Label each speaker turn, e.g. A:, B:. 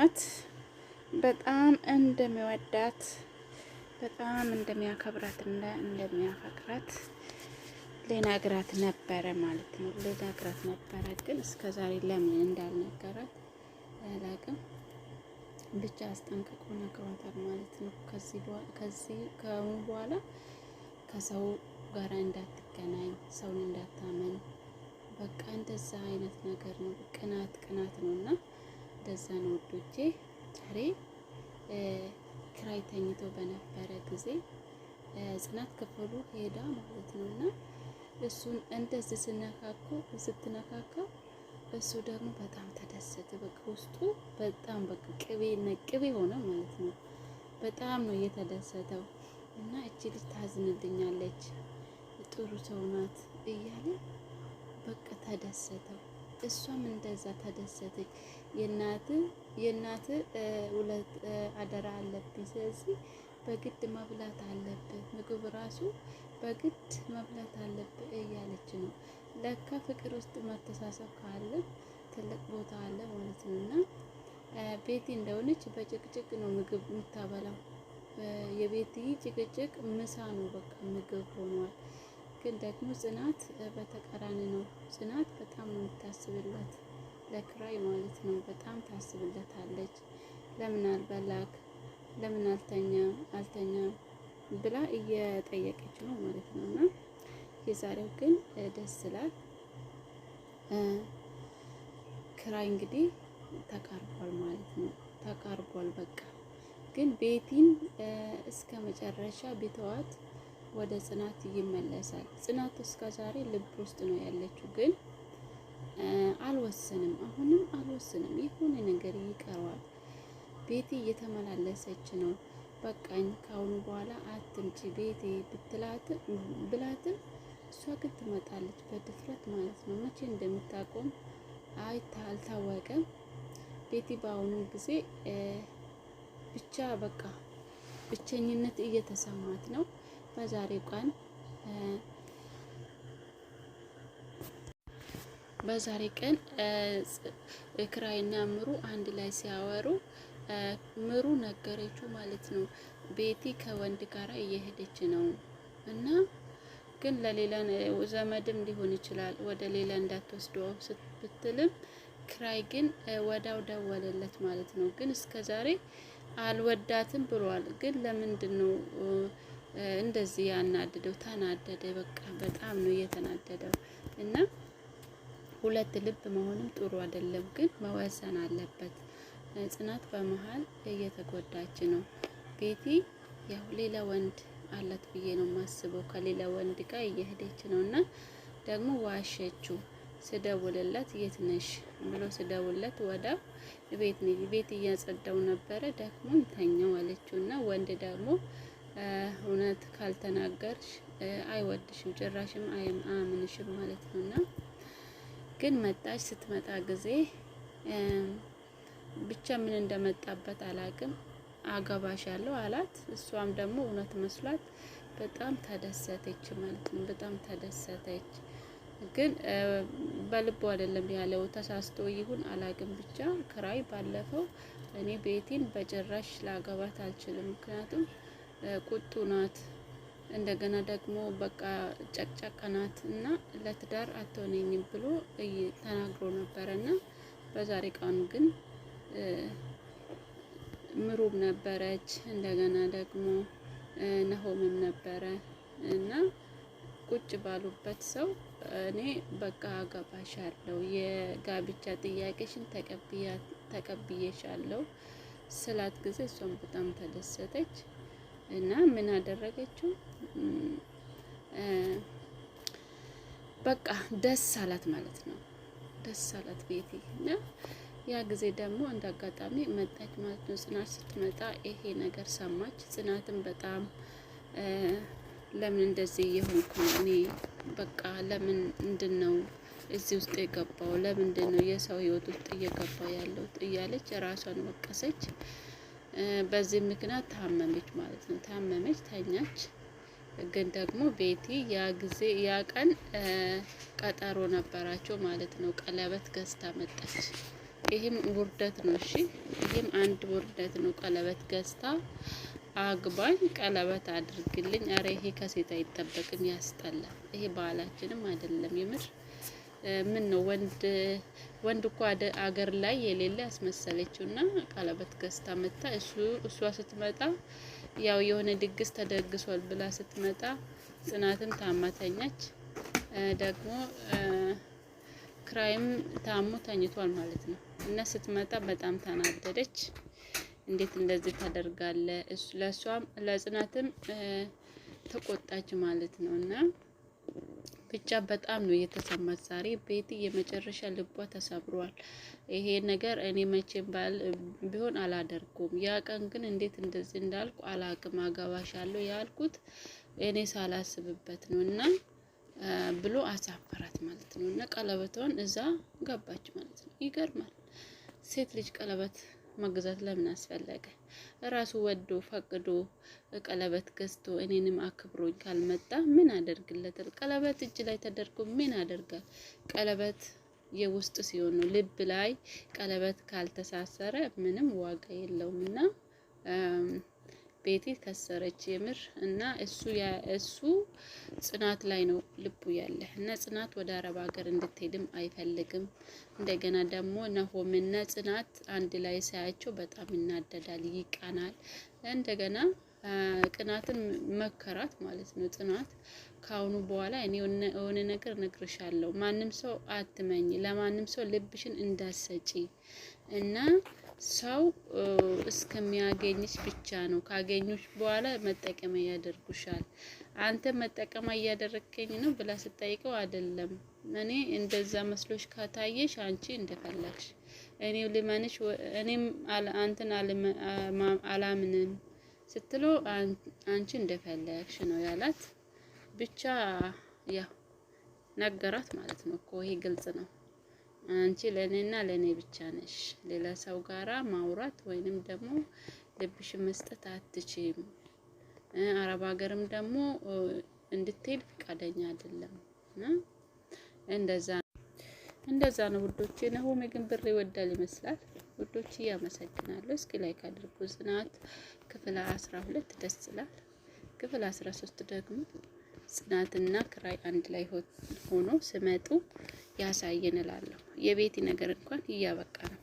A: ናት በጣም እንደሚወዳት በጣም እንደሚያከብራት እና እንደሚያፈቅራት ልነግራት ነበረ ማለት ነው። ልነግራት ነበረ ግን እስከ ዛሬ ለምን እንዳልነገራት አላውቅም። ብቻ አስጠንቅቆ ነግሯታል ማለት ነው። ከዚህ ከአሁኑ በኋላ ከሰው ጋር እንዳትገናኝ፣ ሰውን እንዳታመን በቃ እንደዛ አይነት ነገር ነው። ቅናት ቅናት ነው እና እንደዛ ነው ውዶቼ። ዛሬ ክራይ ተኝቶ በነበረ ጊዜ ጽናት ክፍሉ ሄዳ ማለት ነው እና እሱን እንደዚህ ስነካኩ ስትነካካው እሱ ደግሞ በጣም ተደሰተ። በቃ ውስጡ በጣም በቃ ቅቤ ነቅቤ ሆነ ማለት ነው። በጣም ነው የተደሰተው እና እቺ ልጅ ታዝንልኛለች፣ ጥሩ ሰው ናት እያለ በቃ ተደሰተው። እሷም እንደዛ ተደሰተች። የእናት የእናት ሁለት አደራ አለብኝ፣ ስለዚህ በግድ መብላት አለብህ፣ ምግብ ራሱ በግድ መብላት አለብህ እያለች ነው። ለካ ፍቅር ውስጥ መተሳሰብ ካለ ትልቅ ቦታ አለ ማለት ነው። እና ቤቲ እንደሆነች በጭቅጭቅ ነው ምግብ የምታበላው። የቤቲ ጭቅጭቅ ምሳ ነው በቃ ምግብ ሆኗል። ግን ደግሞ ጽናት በተቃራኒ ነው። ጽናት በጣም ነው የምታስብለት ለክራይ ማለት ነው። በጣም ታስብለታለች። ለምን አልበላክ፣ ለምን አልተኛ አልተኛ ብላ እየጠየቀች ነው ማለት ነው። እና የዛሬው ግን ደስ ይላል። ክራይ እንግዲህ ተቃርቧል ማለት ነው። ተቃርቧል በቃ ግን ቤቲን እስከ መጨረሻ ቢተዋት ወደ ጽናት ይመለሳል። ጽናት እስከ ዛሬ ልብ ውስጥ ነው ያለችው፣ ግን አልወሰንም፣ አሁንም አልወሰንም። የሆነ ነገር ይቀረዋል። ቤቲ እየተመላለሰች ነው። በቃኝ ከአሁኑ በኋላ አትምጪ ቤቴ ብላትም እሷ ግን ትመጣለች በድፍረት ማለት ነው። መቼ እንደምታቆም አልታወቀም። ቤቲ በአሁኑ ጊዜ ብቻ በቃ ብቸኝነት እየተሰማት ነው። በዛሬ ቀን በዛሬ ቀን እክራይና ምሩ አንድ ላይ ሲያወሩ ምሩ ነገረችው ማለት ነው። ቤቲ ከወንድ ጋር እየሄደች ነው እና ግን ለሌላ ዘመድም ሊሆን ይችላል ወደ ሌላ እንዳትወስደው ብትልም ክራይ ግን ወዳው ደወለለት ማለት ነው። ግን እስከ ዛሬ አልወዳትም ብሏል። ግን ለምንድን ነው እንደዚህ ያናደደው ተናደደ። በቃ በጣም ነው የተናደደው እና ሁለት ልብ መሆንም ጥሩ አይደለም፣ ግን መወሰን አለበት። ጽናት በመሀል እየተጎዳች ነው። ቤቲ ያው ሌላ ወንድ አላት ብዬ ነው ማስበው። ከሌላ ወንድ ጋር እየሄደች ነው እና ደግሞ ዋሸችው። ስደውልለት የት ነሽ ብሎ ስደውልለት ወደ ቤት ቤት እያጸዳው ነበረ ደግሞ ተኛው አለችው እና ወንድ ደግሞ እውነት ካልተናገርሽ አይወድሽም፣ ጭራሽም አምንሽም ማለት ነው። እና ግን መጣች። ስትመጣ ጊዜ ብቻ ምን እንደመጣበት አላቅም። ያለው አላት። እሷም ደግሞ እውነት መስሏት በጣም ተደሰተች ማለት ነው። በጣም ተደሰተች። ግን በልቡ አይደለም ያለው፣ ተሳስቶ ይሁን አላቅም። ብቻ ክራይ ባለፈው እኔ ቤቴን በጭራሽ ላገባት አልችልም፣ ምክንያቱም ቁጡ ናት። እንደገና ደግሞ በቃ ጨቅጨቅ ናት እና ለትዳር አትሆነኝም ብሎ ተናግሮ ነበረ እና በዛሬ ቀኑ ግን ምሩም ነበረች፣ እንደገና ደግሞ ነሆምም ነበረ እና ቁጭ ባሉበት ሰው እኔ በቃ አገባሻለሁ፣ የጋብቻ ጥያቄሽን ተቀብዬሻለሁ ስላት ጊዜ እሷም በጣም ተደሰተች። እና ምን አደረገችው? በቃ ደስ አላት ማለት ነው። ደስ አላት ቤቴ እና ያ ጊዜ ደግሞ እንደ አጋጣሚ መጣች ማለት ነው። ጽናት ስትመጣ ይሄ ነገር ሰማች። ጽናትም በጣም ለምን እንደዚህ የሆንኩ እኔ በቃ ለምን ምንድን ነው እዚህ ውስጥ የገባው? ለምንድን ነው የሰው ህይወት ውስጥ እየገባው ያለው እያለች ራሷን ወቀሰች። በዚህ ምክንያት ታመመች ማለት ነው። ታመመች፣ ተኛች። ግን ደግሞ ቤቲ ያ ጊዜ ያ ቀን ቀጠሮ ነበራቸው ማለት ነው። ቀለበት ገዝታ መጣች። ይህም ውርደት ነው። እሺ ይህም አንድ ውርደት ነው። ቀለበት ገዝታ አግባኝ፣ ቀለበት አድርግልኝ። አረ ይሄ ከሴት አይጠበቅም፣ ያስጠላል። ይሄ ባህላችንም አይደለም። የምር ምን ነው ወንድ ወንድ እኮ አገር ላይ የሌለ ያስመሰለችው እና ቀለበት ገዝታ መታ እሷ ስትመጣ ያው የሆነ ድግስ ተደግሷል ብላ ስትመጣ ጽናትም ታማተኛች ደግሞ ክራይም ታሙ ተኝቷል ማለት ነው። እና ስትመጣ በጣም ተናደደች። እንዴት እንደዚህ ታደርጋለ? ለእሷም ለጽናትም ተቆጣች ማለት ነው እና ብቻ በጣም ነው የተሰማት ዛሬ። ቤቲ የመጨረሻ ልቧ ተሰብሯል። ይሄ ነገር እኔ መቼም ባል ቢሆን አላደርገውም። ያ ቀን ግን እንዴት እንደዚህ እንዳልኩ አላቅም። አገባሻለሁ ያልኩት እኔ ሳላስብበት ነው እና ብሎ አሳፈራት ማለት ነው እና ቀለበቷን እዛ ገባች ማለት ነው። ይገርማል። ሴት ልጅ ቀለበት መግዛት ለምን አስፈለገ? ራሱ ወዶ ፈቅዶ ቀለበት ገዝቶ እኔንም አክብሮኝ ካልመጣ ምን አደርግለታል? ቀለበት እጅ ላይ ተደርጎ ምን አደርጋል? ቀለበት የውስጥ ሲሆን ነው። ልብ ላይ ቀለበት ካልተሳሰረ ምንም ዋጋ የለውም እና ቤቴ ከሰረች የምር እና እሱ እሱ ጽናት ላይ ነው ልቡ ያለ እና ጽናት ወደ አረብ ሀገር እንድትሄድም አይፈልግም። እንደገና ደግሞ ነሆምና ጽናት አንድ ላይ ሳያቸው በጣም ይናደዳል፣ ይቀናል። እንደገና ቅናትን መከራት ማለት ነው። ጽናት ከአሁኑ በኋላ እኔ የሆነ ነገር እነግርሻለሁ፣ ማንም ሰው አትመኝ፣ ለማንም ሰው ልብሽን እንዳሰጪ እና ሰው እስከሚያገኝሽ ብቻ ነው። ካገኙሽ በኋላ መጠቀሚያ ያደርጉሻል። አንተ መጠቀሚያ እያደረገኝ ነው ብላ ስጠይቀው አይደለም እኔ እንደዛ መስሎሽ ካታየሽ አንቺ እንደፈለግሽ እኔ ልመንሽ እኔም አንተን አላምንም ስትሎ አንቺ እንደፈለግሽ ነው ያላት። ብቻ ያው ነገራት ማለት ነው እኮ ይሄ ግልጽ ነው። አንቺ ለእኔና ለእኔ ብቻ ነሽ። ሌላ ሰው ጋራ ማውራት ወይንም ደግሞ ልብሽ መስጠት አትችም። አረብ ሀገርም ደግሞ እንድትሄድ ፈቃደኛ አይደለም። እንደዛ እንደዛ ነው ውዶች። ናሆሜ ግን ብር ይወዳል ይመስላል። ውዶች እያመሰግናለሁ። እስኪ ላይክ አድርጉ። ጽናት ክፍል አስራ ሁለት ደስ ይላል። ክፍል አስራ ሶስት ደግሞ ጽናትና ክራይ አንድ ላይ ሆኖ ስመጡ ያሳየን እላለሁ። የቤቲ ነገር እንኳን እያበቃ ነው።